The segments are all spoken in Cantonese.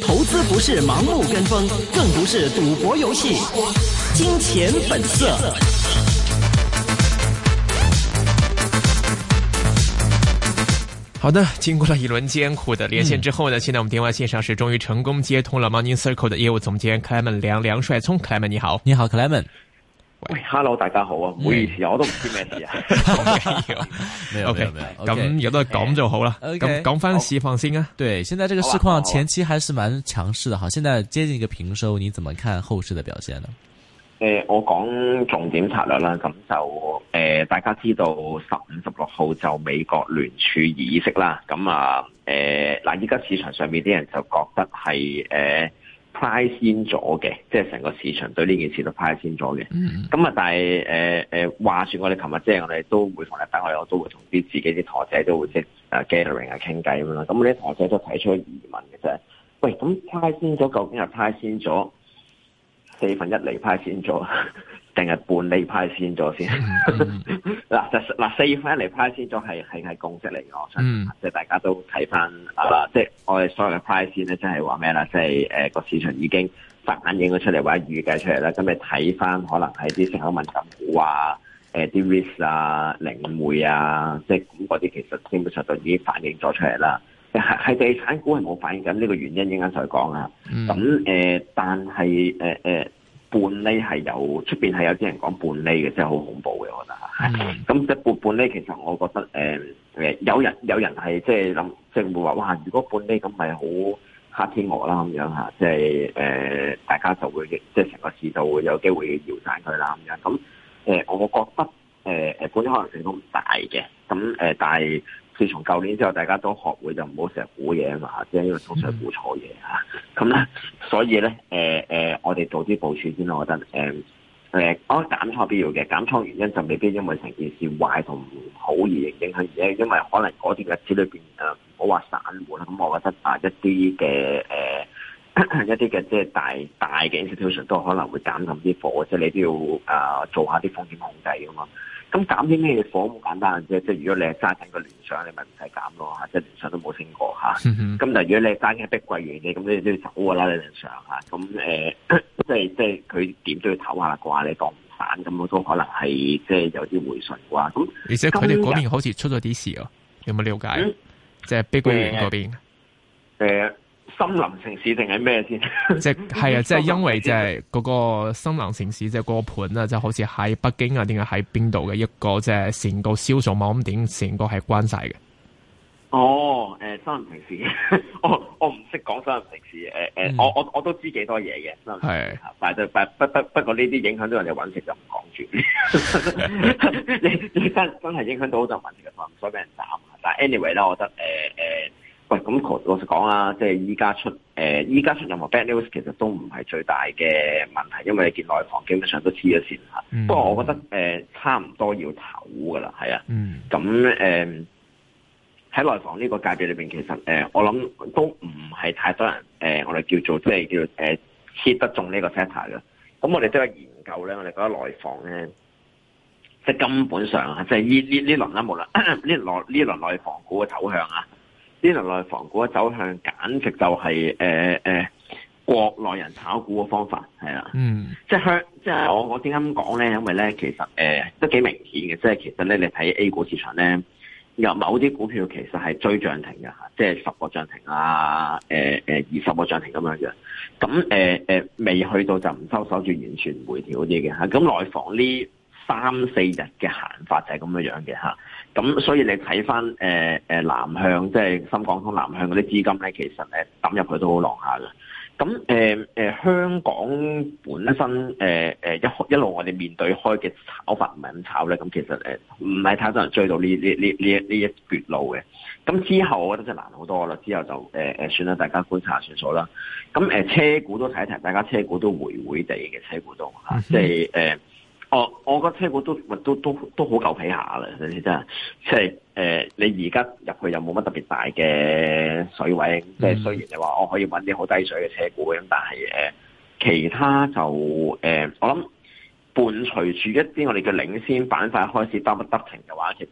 投資不是盲目跟風，更不是賭博遊戲，金錢本色。好的，經過了一輪艱苦的連線之後呢，現在我們電話線上是終於成功接通了 Money Circle 的業務總監克萊門梁梁帥聰，克萊門你好，你好克萊門。喂，hello，大家好啊！唔好意思、嗯、事啊， 我都唔知咩事啊。O K，咁如果都係講就好啦。咁講翻市況先啊。對，現在這個市況前期還是蠻強勢的，哈，現在接近一個平收，你怎麼看後市的表現呢？誒、呃，我講重點策略啦。咁就誒、呃，大家知道十五十六號就美國聯儲議息啦。咁啊，誒、呃，嗱、呃，依家市場上面啲人就覺得係誒。呃派先咗嘅，即係成個市場對呢件事都派先咗嘅。咁、mm、啊 -hmm.，但係誒誒話說我哋琴日即係我哋都會同翻丹我都會同啲自己啲台仔都會即係 gathering 啊傾偈咁樣啦。咁我啲台仔都提出疑問嘅就係：「喂，咁派先咗，究竟係派先咗四分一嚟派先咗？ 定係半釐派先咗、mm -hmm. 先，嗱就嗱四月份嚟派先咗係係係共識嚟嘅，我想即、mm -hmm. 大家都睇翻啊！即、就、係、是、我哋所謂嘅派先咧，即係話咩啦？即係個市場已經反映咗出嚟或者預計出嚟啦，咁你睇翻可能係啲息口敏感股啊、啲、呃、risk 啊、領匯啊，即係嗰啲其實基本上就已經反映咗出嚟啦。係地產股係冇反映緊，呢、呢個原因啱先講呀，咁、mm -hmm. 呃、但係半厘係有出面係有啲人講半厘嘅，真係好恐怖嘅，我覺得嚇。咁即係半半厘，其實我覺得誒誒、呃，有人有人係即係諗，即係會話哇，如果半厘咁，咪好黑天鵝啦咁樣嚇。即係誒、呃，大家就會即係成個市就會有機會搖散佢啦咁樣。咁誒、呃，我覺得誒誒，半、呃、嘅可能性都唔大嘅。咁誒，但係。呃但係自從舊年之後，大家都學會就唔好成日估嘢啊嘛，即係因為通常估錯嘢嚇。咁、嗯、咧，所以咧，誒、呃、誒、呃，我哋做啲部署先咯，我覺得，誒、呃、誒，我、呃、減倉必要嘅，減倉原因就未必因為成件事壞同唔好而影響而，因為可能嗰段日子裏邊誒，唔好話散戶啦，咁我覺得啊、呃，一啲嘅誒，一啲嘅即係大大嘅 institution 都可能會減咁啲貨，即、就、係、是、你都要啊做一下啲風險控制啊嘛。咁、嗯、減啲咩火咁簡單啫，即係如果你係揸緊個聯想，你咪唔使減咯嚇，即係聯想都冇升過嚇。咁、嗯嗯、但係如果你係揸緊碧桂園嘅，咁你，要你、嗯呃、都要走噶啦，你聯想嚇。咁誒，即係即係佢點都要唞下嘅話，你當唔反，咁我都可能係即係有啲回順啩。話、嗯。咁而且佢哋嗰邊好似出咗啲事喎，有冇了解？即、嗯、係、就是、碧桂園嗰邊？呃呃森林城市定係咩先？ 即係啊，即係因為即係嗰個森林城市即係、嗰個盤啦、啊，就好似喺北京啊，定係喺邊度嘅一個即係成個銷售網咁點，成個係關晒嘅。哦，誒、呃，森林城市， 我我唔識講森林城市嘅，誒、呃嗯，我我我都知幾多嘢嘅，係， 但係不不不不過呢啲影響到人哋揾食就唔講住。你真真係影響到好多人揾食嘅，所以俾人斬。但係 anyway 啦我覺得誒誒。呃呃喂，咁我老實講啊，即係依家出誒，依、呃、家出任何 bad news 其實都唔係最大嘅問題，因為你見內房基本上都黐咗線吓。Mm -hmm. 不過我覺得誒、呃，差唔多要唞噶啦，係啊。咁、mm、誒 -hmm.，喺、呃、內房呢個界別裏邊，其實誒、呃，我諗都唔係太多人誒、呃，我哋叫做即係叫誒，hit、呃、得中呢個 sector 嘅。咁我哋都有研究咧，我哋覺得內房咧，即係根本上啊，即係呢呢呢輪啦，無論呢 輪呢輪內房股嘅走向啊。呢輪內房股嘅走向簡直就係誒誒國內人炒股嘅方法，係啦，嗯，即係香，即係我我啱啱講咧，因為咧其實誒、呃、都幾明顯嘅，即係其實咧你睇 A 股市場咧，有某啲股票其實係追漲停嘅嚇，即係十個漲停啊，誒誒二十個漲停咁樣嘅，咁誒誒未去到就唔收手住，完全唔回調嗰啲嘅嚇，咁內房呢三四日嘅行法就係咁樣樣嘅嚇。咁所以你睇翻誒南向即係深港通南向嗰啲資金咧，其實誒揼入去都好狼下㗎。咁誒、呃、香港本身誒、呃、一一路我哋面對開嘅炒法唔係咁炒咧，咁其實誒唔係太多人追到呢呢呢呢呢一絕路嘅。咁之後我覺得就難好多啦。之後就誒、呃、算啦，大家觀察算數啦。咁、呃、車股都睇一睇，大家車股都回回地嘅車股都嚇，即係、嗯我我覺得車股都都都都好夠皮下啦，就是呃，你真係即係誒，你而家入去又冇乜特別大嘅水位，即、就、係、是、雖然你話我可以揾啲好低水嘅車股咁，但係誒、呃、其他就誒、呃、我諗。伴隨住一啲我哋嘅領先板塊開始得不得停嘅話，其實誒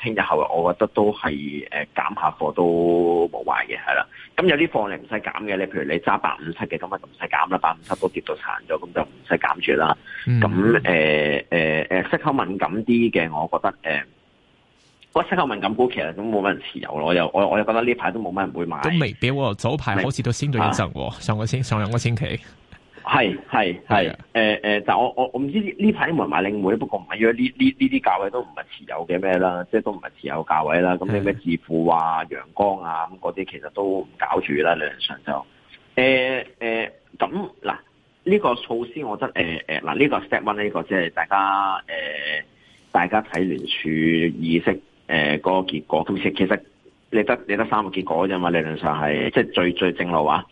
誒，聽日後日我覺得都係誒減下貨都冇壞嘅，係啦。咁有啲貨你唔使減嘅，你譬如你揸八五七嘅，咁咪唔使減啦，八五七都跌到殘咗，咁就唔使減住啦。咁誒誒誒，息、呃呃、口敏感啲嘅，我覺得誒，嗰息口敏感股其實都冇乜人持有咯。我又我我又覺得呢排都冇乜人會買。都未飆，早排好似都升咗一陣喎。上個星上兩個星期。係係係，誒誒、呃，但係我我我唔知呢呢排買唔買領匯，不過唔係，因為呢呢呢啲價位都唔係持有嘅咩啦，即係都唔係持有價位啦。咁你咩置富啊、陽光啊咁嗰啲，其實都唔搞住啦。理論上就，誒、呃、誒，咁、呃、嗱，呢、這個措施，我覺得，誒、呃、誒，嗱，呢、這個 step one 呢個，即係大家，誒、呃，大家睇聯儲議息，誒、呃，嗰、那個結果，其其實你得你得三個結果啫嘛。理論上係，即、就、係、是、最最正路話、啊。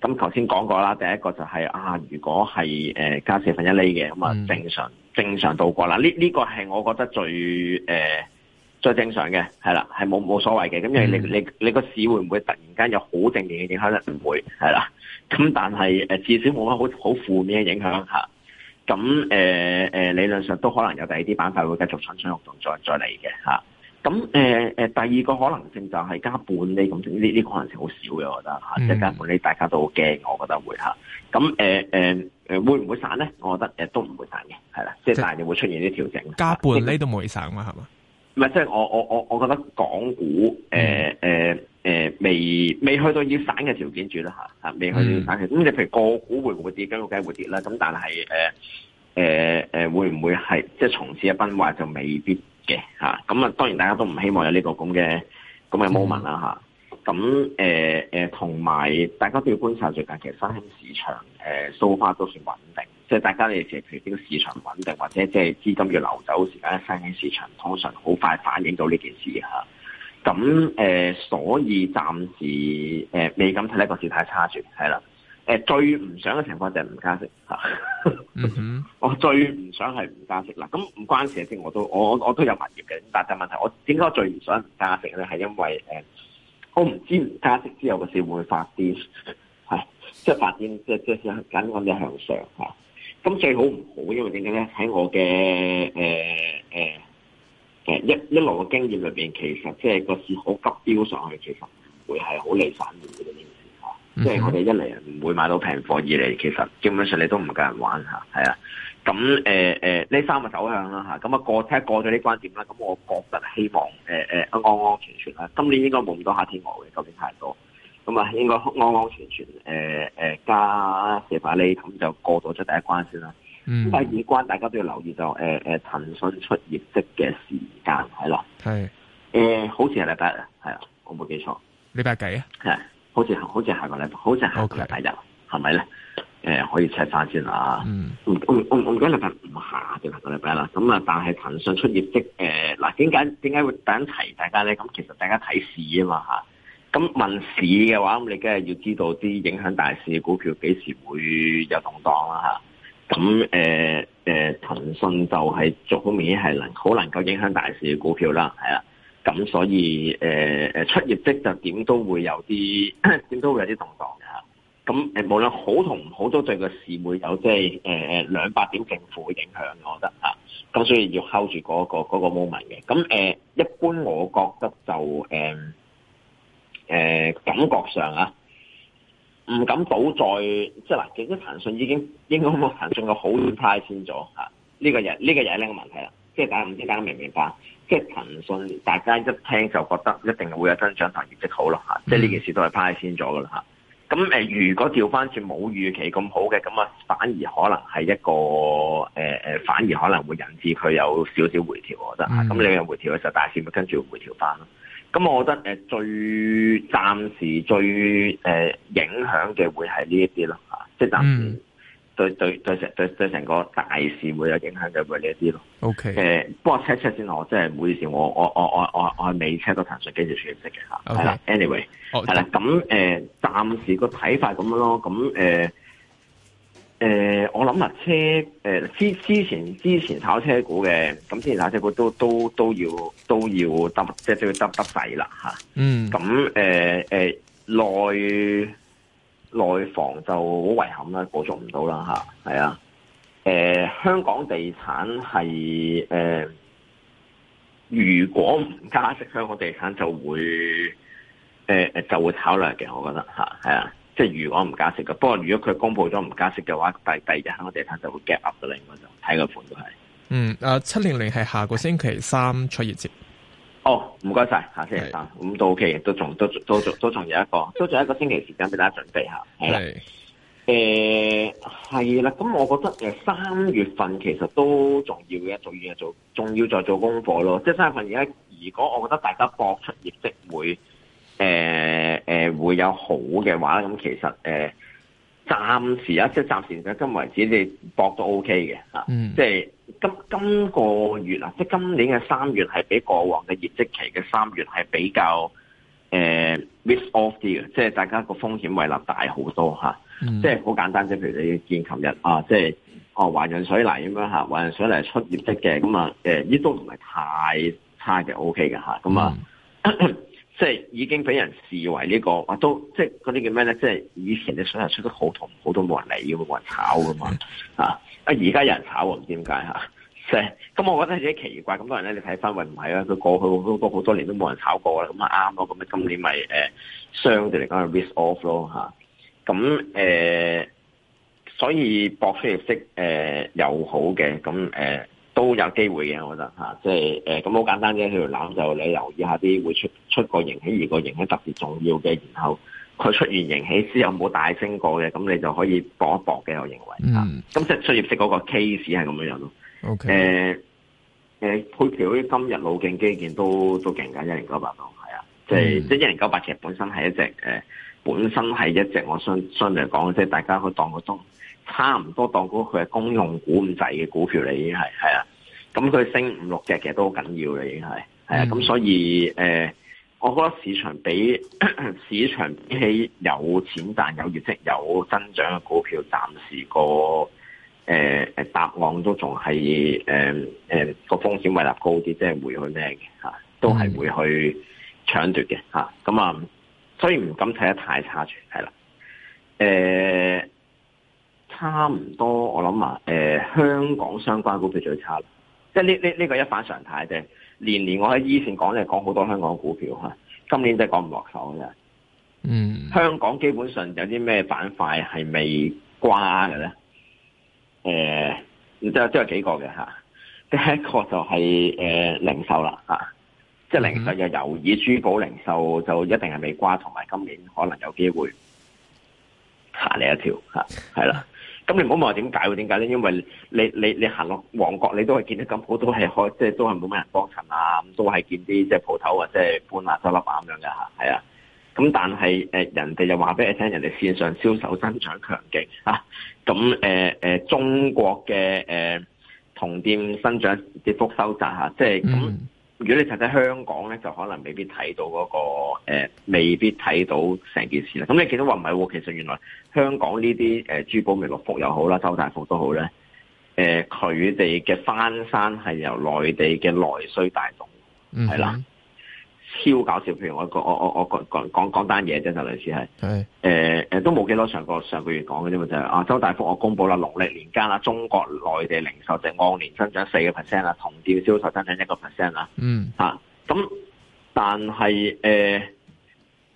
咁頭先講過啦，第一個就係、是、啊，如果係、呃、加四分一厘嘅咁啊，正常正常度過啦。呢呢、這個係我覺得最誒、呃、最正常嘅，係啦，係冇冇所謂嘅。咁因為你你你個市會唔會突然間有好正面嘅影響咧？唔、嗯、會係啦。咁但係至少冇乜好好負面嘅影響嚇。咁誒，理論上都可能有第二啲板塊會繼續蠢蠢欲動再再嚟嘅嚇。咁誒、呃、第二個可能性就係加半厘？咁呢呢個可能性好少嘅，我覺得即係、嗯、加半厘，大家都好驚，我覺得會嚇。咁、啊、誒、呃、會唔會散咧？我覺得、呃、都唔會散嘅，啦，即係但係你會出現啲調整。加半厘都唔會散嘛，係、啊、嘛？唔係即係我我我我覺得港股誒、呃呃呃、未未去到要散嘅條件住啦嚇未去到要散嘅。咁、嗯、你譬如個股會唔會跌？跟我梗係會跌啦。咁但係誒、呃呃、會唔會係即係從此一崩話就未必？嘅嚇，咁啊當然大家都唔希望有呢個咁嘅咁嘅 moment 啦、嗯、嚇。咁誒誒，同埋大家都要觀察，最近其實新興市場誒 so far 都算穩定，即、就、係、是、大家你其實譬如呢個市場穩定，或者即係資金要流走時間，新興市場通常好快反映到呢件事嚇。咁、啊、誒、啊，所以暫時誒、啊、未敢睇呢個事態差別，係、嗯、啦。誒，最唔想嘅情況就係唔加息吓。 mm -hmm. 我最唔想係唔加息嗱，咁唔關事嘅，我都我我都有物業嘅，但係問題我點解最唔想唔加息咧？係因為誒、呃，我唔知唔加息之後個市會唔會發癲，係、哎、即係發癲，即係即係向緊向上吓。咁、哎、最好唔好，因為點解咧？喺我嘅誒誒誒一一路嘅經驗裏邊，其實即係個市好急飆上去，其實會係好離散嘅。嗯、即係我哋一嚟唔會買到平貨，二嚟其實基本上你都唔夠人玩吓，係啊。咁誒誒，呢三個走向啦吓，咁啊過睇過咗呢關點啦，咁、嗯嗯嗯嗯嗯嗯嗯、我覺得希望誒誒安安安全全啦。今年應該冇咁多夏天鵝嘅，究竟太多，咁啊應該安安安全全誒誒加四百呢，咁就過到咗第一關先啦。咁第二關大家都要留意就誒誒騰訊出業績嘅時間係咯，係誒，好似係禮拜係啊，我冇記錯，禮拜幾啊？係。好似好似下個禮拜，好似下個禮拜日，係咪咧？可以 check 翻先啊、mm.！嗯，我我我禮拜唔下定下個禮拜啦。咁啊，但係騰訊出業績，誒、呃、嗱，點解點解會等一齊大家咧？咁其實大家睇市嘛啊嘛，咁問市嘅話，咁你梗係要知道啲影響大市嘅股票幾時會有動盪啦，咁誒誒，騰訊就係好明顯係能好能夠影響大市嘅股票啦，啦、啊。咁所以誒、呃、出業績就點都會有啲點都會有啲動盪嘅。咁、啊、無論好同唔好都對個市會有即係誒兩百點政府影響，我覺得咁、啊、所以要 hold 住嗰個嗰個 moment 嘅。咁誒、呃、一般我覺得就誒、呃呃、感覺上啊，唔敢倒再即係嗱，其實騰訊已經應該冇騰訊嘅好態先咗呢個又呢、呢個又係另一個問題啦。即係大家唔知大家明唔明白？即係騰訊，大家一聽就覺得一定會有增長同業績好啦，吓，即係呢件事都係派先咗噶啦吓。咁誒、呃，如果調翻轉冇預期咁好嘅，咁啊反而可能係一個誒誒、呃，反而可能會引致佢有少少回調，嗯、我覺得吓。咁你有回調嘅時候，大市咪跟住回調翻咯。咁我覺得誒，最暫時最誒、呃、影響嘅會係呢一啲咯吓，即係暫時。對對對成對對成個大市會有影響，就會呢一啲咯。O K，誒，不過車車先，我真係唔好意思，我我我我我我未 check 到騰訊幾時出業績嘅吓。O K，係啦，Anyway，係、oh, 啦，咁、呃、誒，暫時個睇法，咁樣咯，咁誒誒，我諗下車誒之之前之前炒車股嘅，咁之前炒車股都都都要都要得，即係都要得耷細啦吓。嗯。咁誒誒內。內房就好遺憾啦，捕捉唔到啦吓，係啊。誒、呃，香港地產係誒、呃，如果唔加息，香港地產就會誒誒、呃、就會考慮嘅。我覺得吓係啊，即係如果唔加息嘅。不過如果佢公布咗唔加息嘅話，第第二日香港地產就會 gap up 嘅啦。另外就睇個盤都係嗯誒，七零零係下個星期三出業績。哦、oh，唔該晒，下先啊，咁都 OK 嘅，都仲都都個，仲都仲有一個，都仲有一個星期時間俾大家準備下，係，誒係啦，咁、欸、我覺得誒三月份其實都重要嘅，做嘢做仲要再做功課咯，即係三月份而家，如果我覺得大家搏出業績會，誒、呃、誒、呃、會有好嘅話，咁其實誒暫、呃、時一即係暫時，暫時今為止你搏都 OK 嘅，吓、啊，即、嗯、係。今今個月啊，即係今年嘅三月係比過往嘅業績期嘅三月係比較誒 risk、呃、off 啲嘅，即係大家個風險位立大好多吓、嗯。即係好簡單，即譬如你見琴日啊，即係哦華潤水泥咁樣吓，華潤水泥係出業績嘅，咁啊誒，呢都唔係太差嘅，O K 嘅吓，咁、okay、啊。即係已經俾人視為呢、這個，啊、都即係嗰啲叫咩咧？即係以前你想話出得好，同好多冇人理，冇人炒噶嘛啊！啊而家有人炒，唔知點解、啊、即係咁、嗯，我覺得自己奇怪。咁、嗯、多人咧，你睇翻喂唔係啊？佢過去都好多，多年都冇人炒過啦，咁啊啱咯。咁啊，今年咪、就、誒、是呃、相對嚟講係 risk off 咯咁誒，所以博出息誒又好嘅，咁、嗯、誒。呃都有機會嘅，我覺得嚇，即係誒咁好簡單啫。條攬就你留意一下啲會出出個型起，而個型咧特別重要嘅，然後佢出完型起之後冇大升過嘅，咁你就可以搏一搏嘅。我認為咁即係商業式嗰個 case 係咁樣咯。O K，配合於今日路勁基建都都勁緊，一零九八都係啊，就是嗯、即係即係一零九八其實本身係一隻，誒、呃，本身係一隻。我相信嚟講，即、就、係、是、大家可以當個東。差唔多，當嗰佢係公用股咁滯嘅股票，你已經係係啊。咁佢升五六隻其實都好緊要啦，已經係係啊。咁、嗯、所以誒、呃，我覺得市場比 市場比起有錢但有業績、有增長嘅股票，暫時個誒誒答案都仲係誒誒個風險位立高啲，即係會去咩嘅吓，都係會去搶奪嘅吓。咁、嗯、啊，所以唔敢睇得太差住，係啦，誒、呃。差唔多，我諗埋、啊呃、香港相關股票最差啦，即係呢呢呢個一反常態啫。年年我喺以前講咧講好多香港股票吓，今年真係講唔落手嘅。嗯，香港基本上有啲咩板塊係未瓜嘅咧？誒、呃，即係幾個嘅即、啊、第一個就係、是呃、零售啦、啊、即係零售又猶豫，嗯、由以珠寶零售就一定係未瓜，同埋今年可能有機會行你一條係、啊、啦。咁你唔好問點解喎？點解呢？因為你你你行落旺角，你都係見得咁好都係開，即係都係冇乜人幫襯啊，咁都係見啲即係鋪頭即係搬啊、執笠啊咁樣嘅吓係啊。咁、啊、但係人哋又話俾你聽，人哋線上銷售增長強勁咁、啊呃呃、中國嘅同、呃、店增長跌幅收窄即係咁。就是嗯如果你睇睇香港咧，就可能未必睇到嗰、那個、呃、未必睇到成件事啦。咁你見到話唔係喎，其實原來香港呢啲誒珠寶、咪六福又好啦，周大福都好咧。誒，佢哋嘅翻生係由內地嘅內需帶動，係、嗯、啦。超搞笑，譬如我我我我講講講單嘢啫，就類似係，誒誒、呃、都冇幾多上個上個月講嘅啫嘛，就係啊周大福我公布啦，農曆年間啦，中國內地零售就按年增長四個 percent 啦，同店銷售增長一個 percent 啦。嗯，吓、啊、咁，但係誒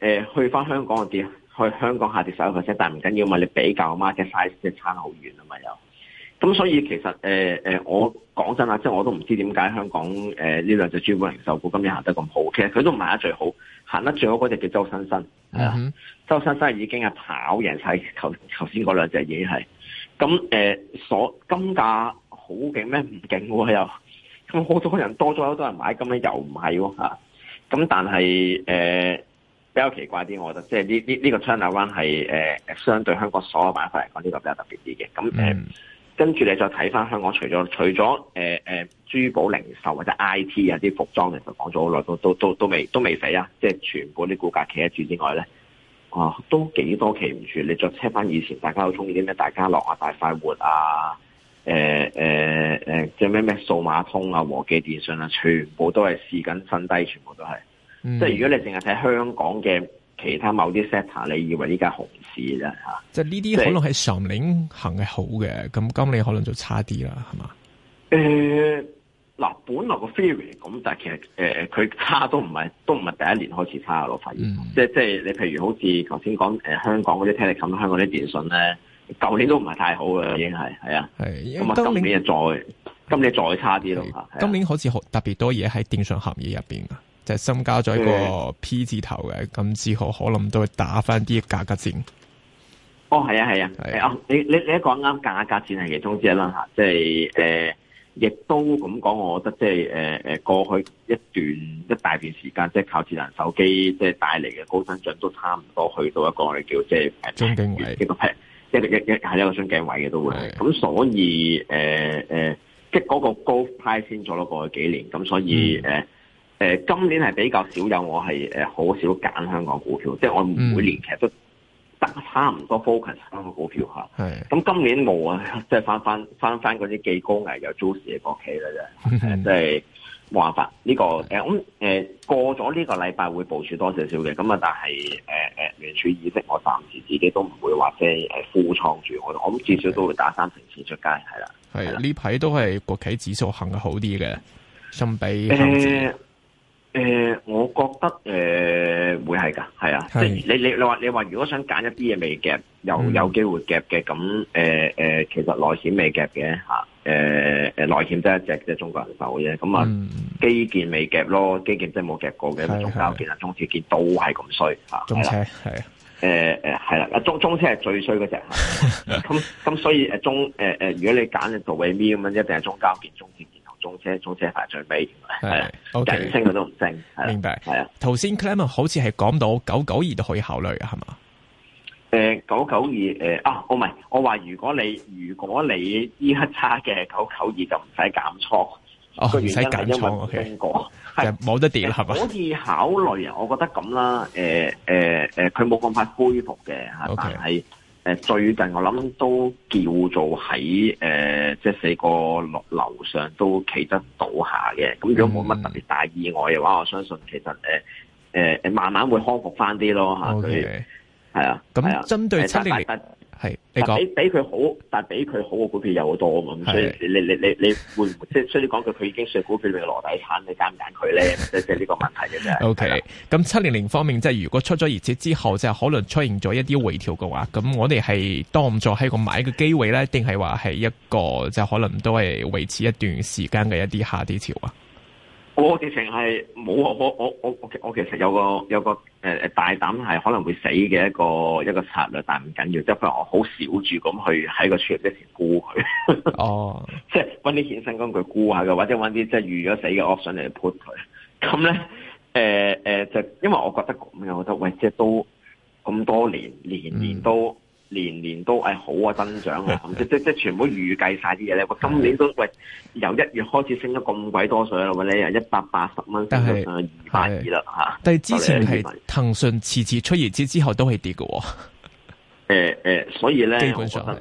誒去翻香港跌，去香港下跌十一 percent，但係唔緊要嘛，你比較啊嘛，即係 size 即係差好遠啊嘛又。咁所以其實誒、呃呃、我講真啦，即係我都唔知點解香港誒呢兩隻珠寶零售股今日行得咁好。其實佢都唔係得最好，行得最好嗰隻叫周生生、嗯，啊，周生生已經係跑贏晒頭頭先嗰兩隻嘢係。咁誒、嗯呃、所金價好勁咩？唔勁喎又咁，好多人多咗好多人買，咁樣又唔係喎。咁但係誒、呃、比較奇怪啲，我覺得即係呢呢呢個 China One 係誒相對香港所有板塊嚟講，呢、這個比較特別啲嘅咁跟住你再睇翻香港，除咗除咗誒誒珠寶零售或者 IT 啊啲服裝，其實講咗好耐，都都都都未都未死啊！即係全部啲股價企得住之外咧，啊都幾多企唔住？你再 check 翻以前大家好中意啲咩？大家樂啊、大快活啊、誒誒即係咩咩數碼通啊、和記電信啊，全部都係試緊新低，全部都係、嗯。即係如果你淨係睇香港嘅。其他某啲 sector，你以為依家熊市啦，就即係呢啲可能喺上年行嘅好嘅，咁今年可能就差啲啦，係嘛？誒、呃，嗱、呃，本來個 theory 咁，但係其實誒，佢、呃、差都唔係，都唔係第一年開始差嘅。我發現，即即係你譬如好似頭先講香港嗰啲 telecom，香港啲電信咧，舊年都唔係太好嘅，已經係係啊。咁啊，啊，今年又再今年再差啲咯。今年好似好特別多嘢喺電信行業入邊啊！就係深交咗一個 P 字頭嘅，咁之後可能都會打返啲價格戰。哦，係啊，係啊，係啊！你你你一講啱，價格戰係其中之一啦嚇。即係誒，亦都咁講，我覺得即係誒誒，過去一段一大段時間，即係靠智能手機即係帶嚟嘅高增長，都差唔多去到一個我哋叫即係誒中鏡位，一個平，一一一係一,一個雙鏡位嘅都會。咁所以誒誒，即係嗰個高派先做咗過去幾年，咁所以誒。嗯誒、呃，今年係比較少有我係誒，好、呃、少揀香港股票，即係我每年其實都得差唔多 focus 香港股票吓。係、嗯，咁、啊、今年冇啊，即係翻翻翻翻嗰啲既高危又 s 市嘅國企咧，即係冇辦法呢、這個誒、呃，過誒過咗呢個禮拜會部署多少少嘅，咁啊，但係誒誒，聯、呃、儲意識我暫時自，自己都唔會話即係誒負住我，我咁至少都會打三四次出街，係啦。係，呢排都係國企指數行得好啲嘅，相比誒。呃誒、呃，我覺得誒、呃、會係噶，係啊，即係你你你話你話，如果想揀一啲嘢未夾，又有機、嗯、會夾嘅，咁誒誒，其實內險未夾嘅吓，誒、呃、誒，內險得一隻隻即係中國人壽嘅，咁啊、嗯，基建未夾咯，基建真係冇夾過嘅，中交建啊，中鐵建都係咁衰吓，中係誒誒係啦，啊中中車係最衰嗰隻，咁咁 所以誒中誒誒、呃，如果你揀嘅尾偉喵咁樣，Milman, 一定係中交建、中鐵建。中車中車排最尾係，升佢、okay, 都唔升，明白？係啊，頭先 Clement 好似係講到九九二都可以考慮，係嘛？誒、呃，九九二誒，啊、哦，唔係，我話如果你如果你依家差嘅九九二就唔使減倉，唔使減倉，通過係冇得跌啊嘛？可以考慮啊，我覺得咁啦，誒誒誒，佢冇咁快恢復嘅吓，係、okay.。最近我諗都叫做喺誒即係四個樓上都企得倒下嘅，咁如果冇乜特別大意外嘅話、嗯，我相信其實誒、呃呃、慢慢會康復翻啲咯，佢係、okay. 啊，咁、嗯啊嗯啊、針對七零。係，比比佢好，但係比佢好嘅股票有好多咁所以你你你你會唔會即係？所以你講，佢已經算股票裏嘅羅底產，你揀唔揀佢咧？即係呢個問題咁樣。O K，咁七零零方面，即係如果出咗業績之後，就可能出現咗一啲回調嘅話，咁我哋係當作喺個買嘅機會咧，定係話係一個就可能都係維持一段時間嘅一啲下跌潮啊？我直情係冇我我我我我其實有個有個誒、呃、大膽係可能會死嘅一個一個策略，但唔緊要，即係譬如我好少住咁去喺個處理之前沽佢。哦，即係搵啲衍生工具沽下嘅，或者搵啲即係預咗死嘅 option 嚟 put 佢。咁咧誒就因為我覺得咁樣，我覺得喂，即係都咁多年年年都。Mm. 年年都誒好啊，增長啊，即即即全部預計曬啲嘢咧。我今年都喂由一月開始升咗咁鬼多水啦，喂你由一百八十蚊升到二百二啦吓。但係之前係騰訊次次出業績之之後都係跌㗎喎、呃呃。所以咧，我覺得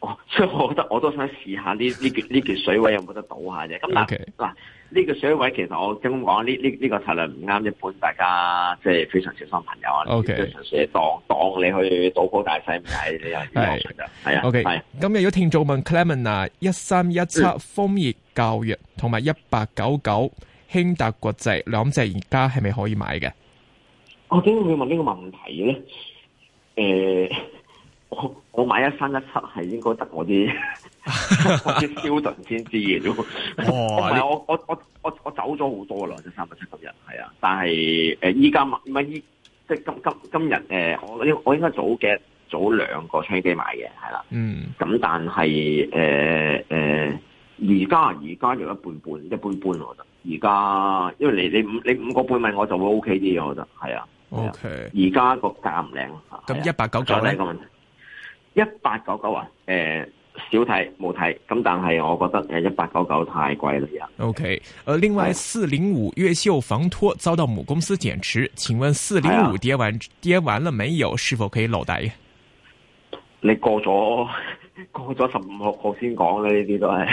哦、呃，所以我覺得我都想試下呢呢呢件水位有冇得倒下啫。咁嗱嗱。Okay. 呢、這個水位其實我聽講，呢呢呢個策略唔啱一般，大家即係非常小心朋友啊！即係純粹當，當你去賭波大細唔使你係。係、 okay. 啊，OK 啊。今日如果聽眾問 Clement a 一三一七楓葉教育同埋一八九九興達國際兩隻而家係咪可以買嘅？我點解會問呢個問題咧？誒。我我買一三一七係應該得我啲 我啲超頓先知嘅啫，唔係、哦、我我我我我走咗好多啦，就三百七十日係啊，但係誒依家買唔係，依、呃、即係今今今日誒我應我應該早嘅，早兩個出機買嘅係啦，嗯，咁但係誒誒而家而家就一半半一半半，一半半我覺得而家因為你你五你五個半咪，我就會 OK 啲，我覺得係、okay 嗯、啊，OK 而家個價唔靚，咁一百九九呢個問一八九九啊，誒，少睇冇睇。咁但係我覺得誒一八九九太貴啦，o k 誒，okay，另外四零五越秀房託遭到母公司減持，請問四零五跌完、哎、跌完了沒有？是否可以撈底？你過咗。過咗十五六號先講啦，呢啲都係，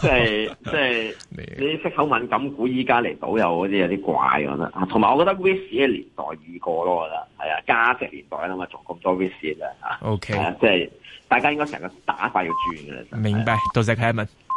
即係即係你識口敏感股。依家嚟到又嗰啲有啲怪咁啦。同埋我覺得 wis 嘅年代已過咯，我覺得係啊，價值年代啦嘛，仲咁多 wis 啦，OK 即係大家應該成個打法要轉嘅啦。明白，都在開門。